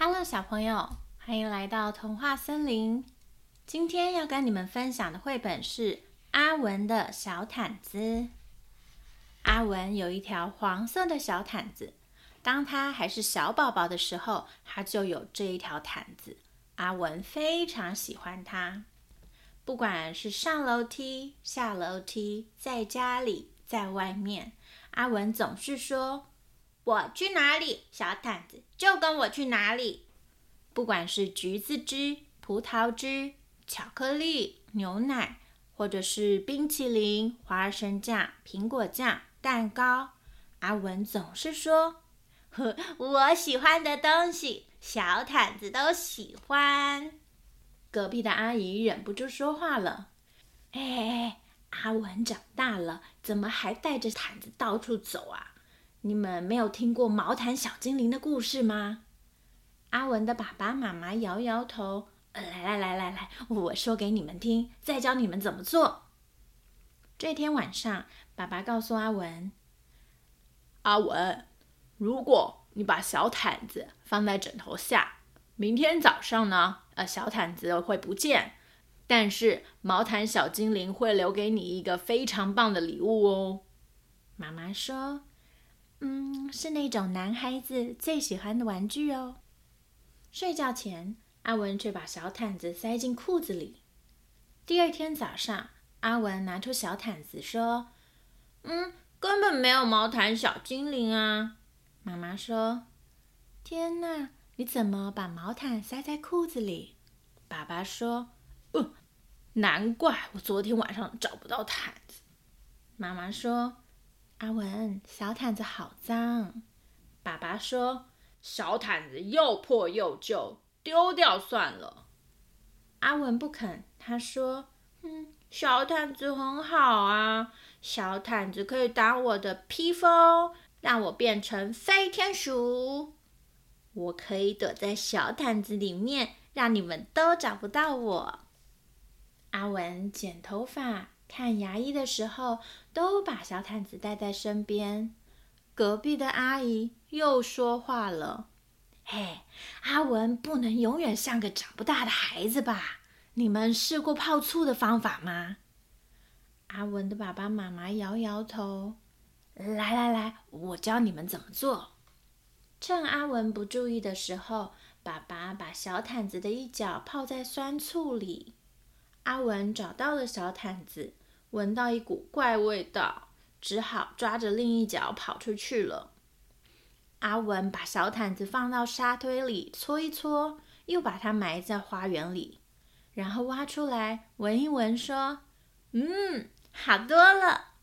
Hello，小朋友，歡迎來到童話森林。今天要跟你們分享的繪本是《阿文的小毯子》。阿文有一條黃色的小毯子，當他還是小寶寶的時候，他就有這一條毯子。阿文非常喜歡它，不管是上樓梯、下樓梯，在家裡，在外面，阿文總是說。我去哪裡，小毯子，就跟我去哪裡。不管是橘子汁、葡萄汁、巧克力、牛奶，或者是冰淇淋、花生醬、蘋果醬、蛋糕，阿文總是說呵：“我喜歡的東西，小毯子都喜歡。”隔壁的阿姨忍不住說話了：“哎哎哎，阿文長大了，怎麼還帶着毯子到處走啊？”你們沒有聽過毛毯小精靈的故事嗎？阿文的爸爸媽媽搖搖頭。來來來來來，我說給你們聽，再教你們怎麼做。這天晚上，爸爸告訴阿文：“阿文，如果你把小毯子放在枕頭下，明天早上呢，呃，小毯子會不見，但是毛毯小精靈會留給你一個非常棒的禮物哦。”媽媽說。嗯，是那種男孩子最喜歡的玩具哦。睡覺前，阿文卻把小毯子塞進褲子裡。第二天早上，阿文拿出小毯子說：“嗯，根本沒有毛毯小精靈啊。”媽媽說：“天吶，你怎麼把毛毯塞在褲子裡？”爸爸說：“哦，難怪我昨天晚上找不到毯子。”媽媽說。阿文，小毯子好髒。爸爸說：“小毯子又破又舊，丟掉算了。”阿文不肯。他說：“哼、嗯，小毯子很好啊，小毯子可以當我的披風，讓我變成飛天鼠。我可以躲在小毯子裡面，讓你們都找不到我。”阿文剪頭髮，看牙醫的時候，都把小毯子帶在身邊。隔壁的阿姨又說話了：“嘿，阿文不能永遠像個長不大的孩子吧？你們試過泡醋的方法嗎？”阿文的爸爸媽媽搖搖頭。來來來，我教你們怎麼做。趁阿文不注意的時候，爸爸把小毯子的一角泡在酸醋裡。阿文找到了小毯子，聞到一股怪味道，只好抓着另一腳跑出去了。阿文把小毯子放到沙堆裡搓一搓，又把它埋在花園裡，然後挖出來聞一聞，說：“嗯，好多了。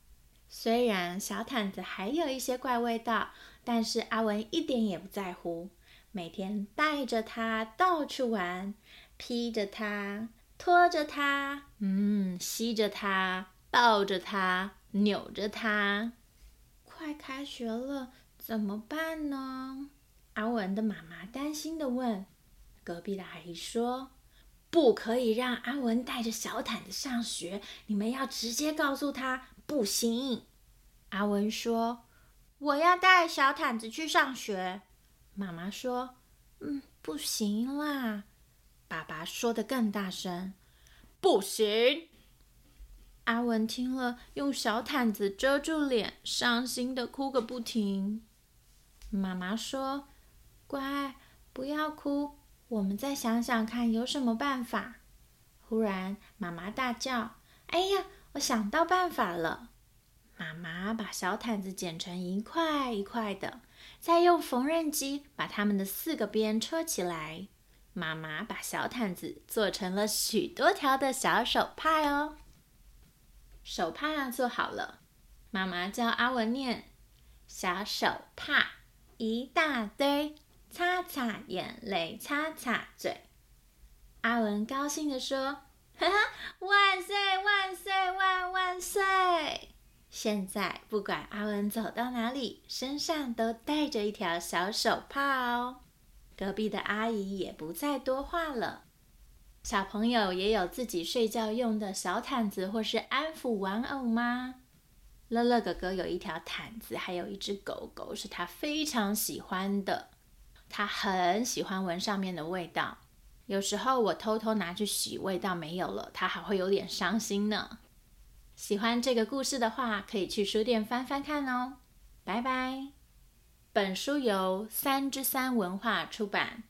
雖然小毯子還有一些怪味道，但是阿文一點也不在乎，每天帶着它到處玩，披着它。”拖着他，嗯，吸着他，抱着他，扭着他。快開學了，怎麼辦呢？阿文的媽媽擔心地問。隔壁的阿姨說：“不可以讓阿文帶着小毯子上學，你們要直接告訴他，不行。”阿文說：“我要帶小毯子去上學。”媽媽說：“嗯，不行啦。”爸爸說得更大聲：“不行！”阿文聽了，用小毯子遮住臉，傷心地哭個不停。媽媽說：“乖，不要哭，我們再想想看，有什麼辦法。”忽然，媽媽大叫：“哎呀，我想到辦法了！”媽媽把小毯子剪成一塊一塊的，再用縫紉機把它們的四個邊車起來。媽媽把小毯子做成了許多條的小手帕哦。手帕啊，做好了。媽媽教阿文念：“小手帕，一大堆，擦擦眼淚，擦擦嘴。”阿文高興地說：“哈哈，萬歲萬歲萬萬歲！”現在不管阿文走到哪裡，身上都帶着一條小手帕哦。隔壁的阿姨也不再多話了。小朋友也有自己睡覺用的小毯子，或是安撫玩偶嗎？樂樂哥哥有一條毯子，還有一隻狗狗，是他非常喜歡的。他很喜歡聞上面的味道。有時候我偷偷拿去洗，味道沒有了，他還會有點傷心呢。喜歡這個故事的話，可以去書店翻翻看哦。拜拜。本書由三之三文化出版，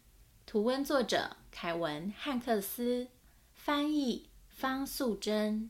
圖文作者凱文·漢克斯，翻譯方素珍。